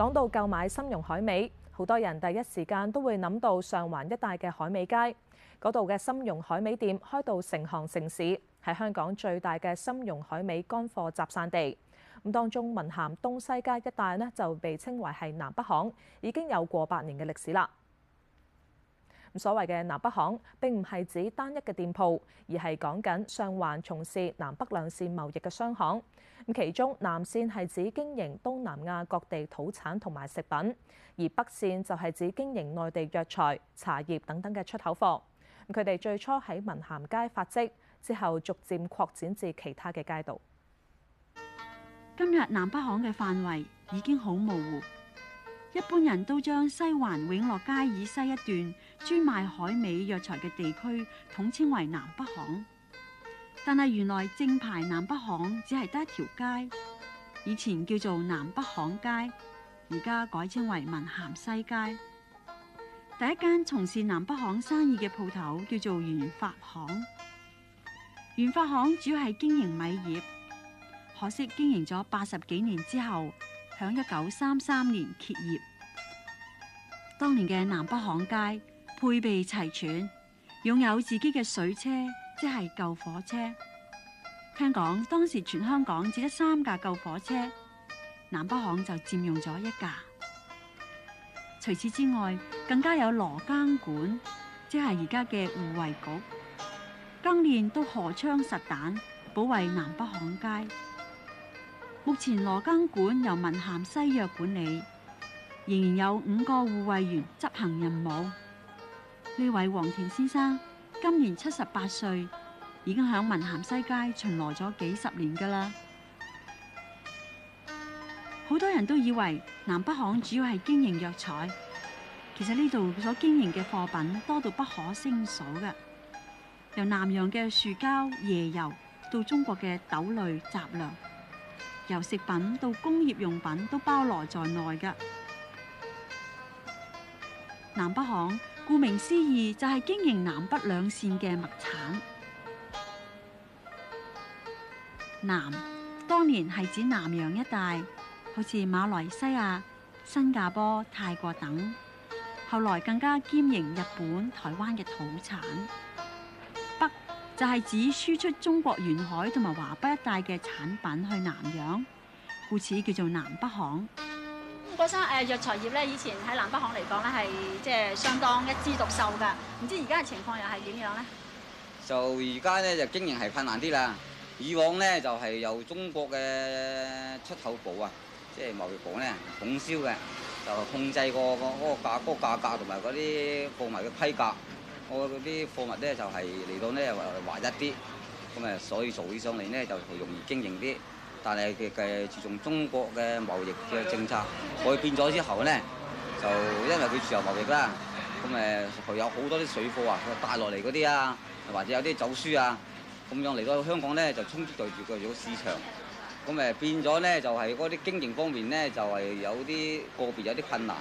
講到購買參茸海味，好多人第一時間都會諗到上環一帶嘅海味街，嗰度嘅參茸海味店開到成行成市，係香港最大嘅參茸海味乾貨集散地。咁當中，文咸東西街一帶呢，就被稱為係南北行，已經有過百年嘅歷史啦。所謂嘅南北行並唔係指單一嘅店鋪，而係講緊上環從事南北兩線貿易嘅商行。咁其中南線係指經營東南亞各地土產同埋食品，而北線就係指經營內地藥材、茶葉等等嘅出口貨。佢哋最初喺文咸街發跡，之後逐漸擴展至其他嘅街道。今日南北行嘅範圍已經好模糊。一般人都將西環永樂街以西一段專賣海味藥材嘅地區統稱為南北行，但係原來正牌南北行只係得一條街，以前叫做南北行街，而家改稱為文咸西街。第一間從事南北行生意嘅鋪頭叫做元發行，元發行主要係經營米業，可惜經營咗八十幾年之後，響一九三三年結業。當年嘅南北行街配備齊全，擁有自己嘅水車，即係救火車。聽講當時全香港只得三架救火車，南北行就佔用咗一架。除此之外，更加有羅更館，即係而家嘅護衛局，更年都荷槍實彈保衛南北行街。目前羅更館由文咸西約管理。仍然有五個護衛員執行任務。呢位黃田先生今年七十八歲，已經響文咸西街巡邏咗幾十年㗎啦。好多人都以為南北行主要係經營藥材，其實呢度所經營嘅貨品多到不可勝數嘅，由南洋嘅樹膠、椰油到中國嘅豆類雜糧，由食品到工業用品都包羅在內㗎。南北行，顧名思義就係經營南北兩線嘅物產。南當年係指南洋一帶，好似馬來西亞、新加坡、泰國等；後來更加兼營日本、台灣嘅土產。北就係指輸出中國沿海同埋華北一帶嘅產品去南洋，故此叫做南北行。我覺得藥材業咧，以前喺南北行嚟講咧，係即係相當一枝獨秀嘅。唔知而家嘅情況又係點樣咧？就而家咧就經營係困難啲啦。以往咧就係、是、由中國嘅出口部啊，即係貿易部咧統銷嘅，就控制個個嗰個價嗰個價格同埋嗰啲貨物嘅規格。我嗰啲貨物咧就係、是、嚟到呢，話劃一啲，咁啊，所以做起上嚟咧就是、容易經營啲。但係佢嘅自從中國嘅貿易嘅政策改變咗之後咧，就因為佢自由貿易啦，咁誒又有好多啲水貨啊，帶落嚟嗰啲啊，或者有啲走私啊，咁樣嚟到香港咧就充斥在住個市場，咁誒變咗咧就係嗰啲經營方面咧就係、是、有啲個別有啲困難。